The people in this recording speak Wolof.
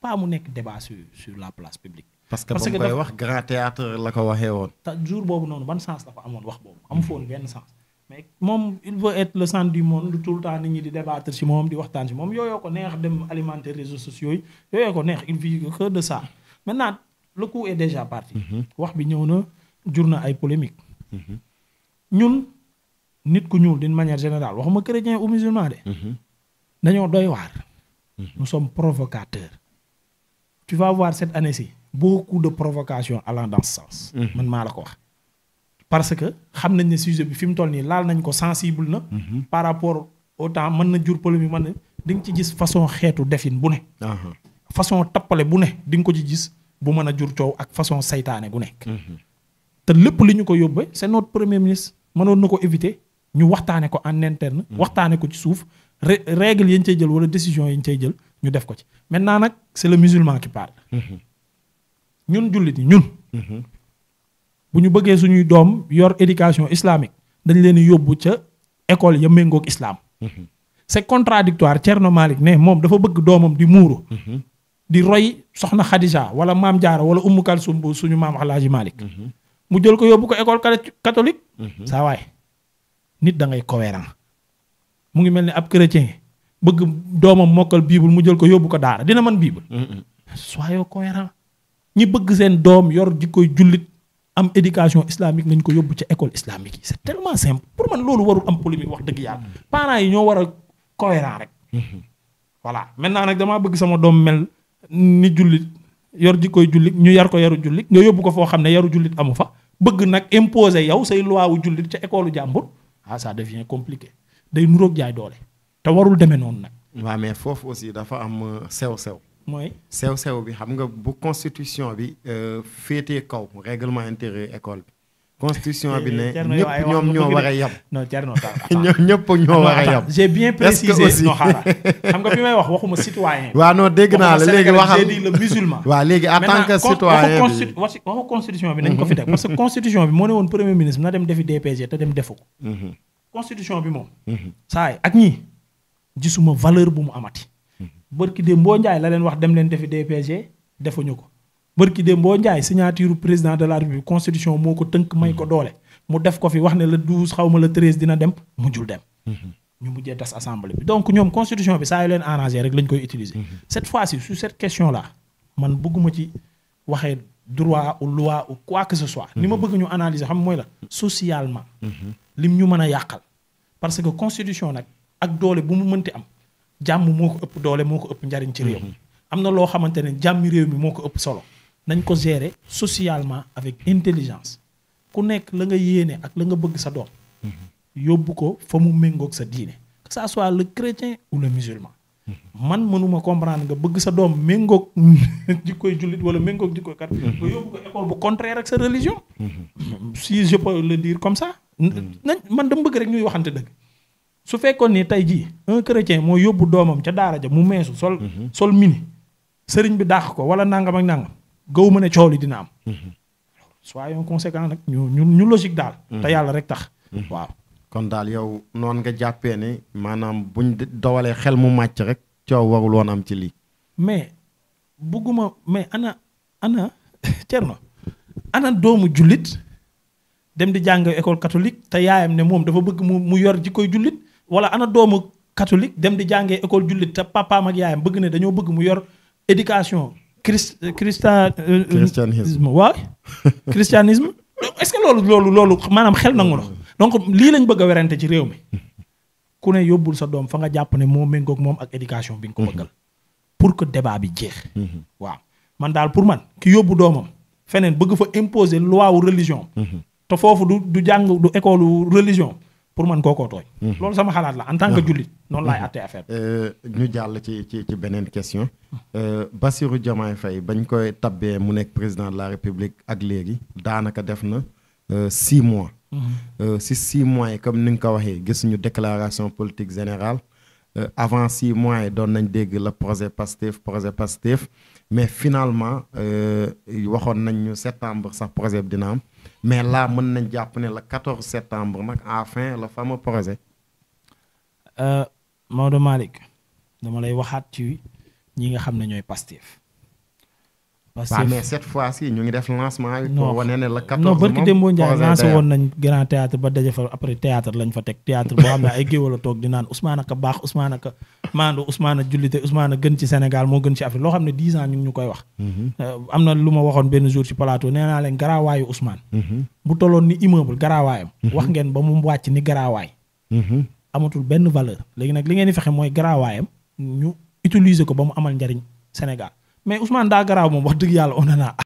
paa mu nekk débat sur la place publique. parce que ba mu koy wax grand théâtre la ko waxee woon. jour boobu noonu ban sens dafa amoon wax boobu amu foon benn sens. mais moom il veut être le centre du monde tout le temps nit ñi di débattre ci moom di waxtaan ci moom yooyoo ko neex dem alimenter réseaux sociaux yi yooyoo ko neex il vit que de ça maintenant le coup parti. Mhm. wax bi ñëw na jur na ay polémique mhm. ñun nit ku ñuul d'une manière générale waxuma chrétien ou musulman de. Mhm. dañoo doy waar. nous sommes tu vas voir cette année-ci beaucoup de provocation allant dans sens. Mm. man maa la ko wax. parce que xam nañ ne sujet bi fi mu toll nii laal nañ ko sensible na. Mm-hmm. par rapport au temps mën na jur polémique man na di nga ci gis façon xeetu defin bu ne. Uh-huh. façon tappale bu ne di nga ko ci gis bu mën a jur coow ak façon saytaane gu nekk. Mm-hmm. te lépp li ñu ko yóbbee c'est not premier ministre mënoon na ko éviter ñu waxtaane ko en interne. Mm-hmm. waxtaane ko ci suuf règle yañ cey jël wala décision yañ cey jël. ñu def ko ci maintenant nag c'est le musulman qui parle. Mm-hmm. ñun jullit yi ñun. Mm-hmm. bu ñu bëggee suñuy doom yor éducation islamique dañ leen yóbbu ca école ya méngoog islam. Mm-hmm. c'est contradictoire Thierno Malick ne moom dafa bëgg doomam di muuru. di roy soxna Khadija wala maam jaaro wala Umu Kalsum bu suñu maam Alhaji Malick. mu jël ko yóbbu ko école catholique. saa waay nit da ngay cohérent mu ngi mel ni ab chrétien bëgg doomam mokkal biibul mu jël ko yóbbu ko daara dina mën biibul. soyons cohérents ñi bëgg seen doom yor jikkoy jullit am éducation islamique nañ ko yóbbu ca école islamique yi c'est tellement simple pour man loolu warul am polémique wax dëgg yàlla. parents yi ñoo wara a cohérent rek. voilà maintenant nag damaa bëgg sama doom mel ni jullit yor jikkoy jullit ñu yar ko yaru jullit nga yóbbu ko foo xam ne yaru jullit amu fa bëgg nag imposer yow say loi wu jullit ca école jàmbur ah ça devient compliqué day nuroog jaay doole. te warul demee noonu nag. waaw mais foofu aussi dafa am euh, sew sew. mooy sew sew bi xam nga bu constitution bi euh, féetee kaw règlement intérieur école bi. constitution bi ne eh, ñëpp ñoom ñoo war a yem. non Thierno ñëpp ñoo war a yem. j'ai bien précisé non xaaral xam nga bi may wax waxuma citoyen. waaw non dégg naa la léegi waxal musulman. waaw léegi en tant que citoyen bi waxu ko fi teg mhm. parce que constitution bi woon premier ministre na dem defi DPG mhm. bi moom. Mhm. saa yi ak ñii. gisuma valeur bu mu amati. bërki de mboo la leen wax dem leen defi DPG defuñu ko bërki de mboo Ndiaye signature président de la République constitution moo ko tënk may ko hmm. doole mu def ko fi wax ne la 12 xaw ma le 13 dina dem mu jul dem. Hmm. ñu mujjee tas assemblée bi donc ñoom constitution bi saa yu leen arrangé rek lañ koy utiliser. Hmm. cette fois-ci sur cette question là man bëgguma ci waxee droit ou loi ou quoi que ce soit. ni ma bëgg ñu analyser xam mooy la socialement. lim ñu mën a yàqal parce que constitution nag. ak doole bu mu mënti am jàmm moo ko ëpp doole moo ko ëpp njariñ ci réew mi mm-hmm. am na loo xamante ne jàmmi réew mi moo ko ëpp solo nañ ko gérer socialement avec intelligence ku nekk la nga yéene ak la nga bëgg sa doom mm-hmm. yóbbu ko fa mu méngoog sa diine que ça soit le chrétien ou le musulman mm-hmm. man mënuma comprendre nga bëgg sa doom méngoog jikkoy jullit wala méngoog jikkoy kat nga yóbbu ko école bu contraire ak sa religion si je peux le dire comme ça nañ man dama bëgg rek ñuy waxante dëgg su fekkoon nii tey jii un chrétien moo yóbbu doomam ca daara ja mu meesu sol. Mhm. sol mini sëriñ bi dàq ko wala nangam ak nangam gaw ma ne coow li dina am. Mhm. soyons conséquents nag ñu ñu ñu logique daal. te mhm. yàlla rek tax. waaw kon daal yow noonu nga jàppee ne maanaam buñ dowalee xel mu màcc rek coow warul woon am ci lii. mais bëgguma mais ana ana Thierno ana doomu jullit dem di jàng ecole catholique te yaayam ne moom dafa bëgg mu mu yor ji koy jullit wala ana doomu catholique dem di jàngee école jullit te papaam ak yaayam bëgg ne dañoo bëgg mu yor éducation christ euh, euh, christianisme waa christianisme est-ce que loolu loolu loolu maanaam xel nangu la donc lii lañ bëgg a werante ci réew mi ku ne yóbbul sa doom fa nga jàpp ne moo méngoog moom ak éducation bi nga ko bëggal pour que débat bi jeex waaw man daal pour man ki yóbbu doomam feneen bëgg fa imposer loi wu religion mhm. te foofu du du jàng du école religion pour man koo kookoo tooy mhm. loolu sama xalaat la en tant que jullit noonu laay mhm. àttee affaire euh, ñu jàll ci ci ci beneen question. Mhm. Euh, Bassirou Diomaye Faye bañ koy tabee mu nekk président de la république ak léegi daanaka def na euh, six mois. si six mois yi comme ni nga ko waxee gis ñu déclaration politique général avant six mois doon nañ dégg la projet Pastef projet Pastef mais finalement waxoon nañ ñu septembre sax projet bi dina am. mais là mën nañ jàpp ne la 14 septembre mag en enfin le fameux projet. Euh, Maodo Malick dama lay waxaat ci ñi nga xam ne ñooy Pastef waaw mais cette fois ci ñu ngi def lancement yi. pour wane ne la 14 non barki Demba Ndiaye lancé woon nañ grand théâtre ba daje fa après théâtre lañ fa teg théâtre boo xam ne ay géwél a toog di naan Ousmane aka baax Ousmane aka maandu Ousmane a jullite Ousmane a gën ci Sénégal moo gën ci Afrique loo xam ne 10 ans ñu ngi koy wax. Mhm. Euh, am na lu ma waxoon benn jour ci plateau nee naa leen garaawaayu Ousmane. Mhm. bu tolloon ni immeuble garaawaayam. Mhm. wax ngeen ba mu wàcc ni garaawaay. amatul benn valeur léegi nag li ngeen fexe mooy garaawaayam ñu utiliser ko ba mu amal njariñ Sénégal mais Ousmane daa garaaw moom wax dëgg yàlla on en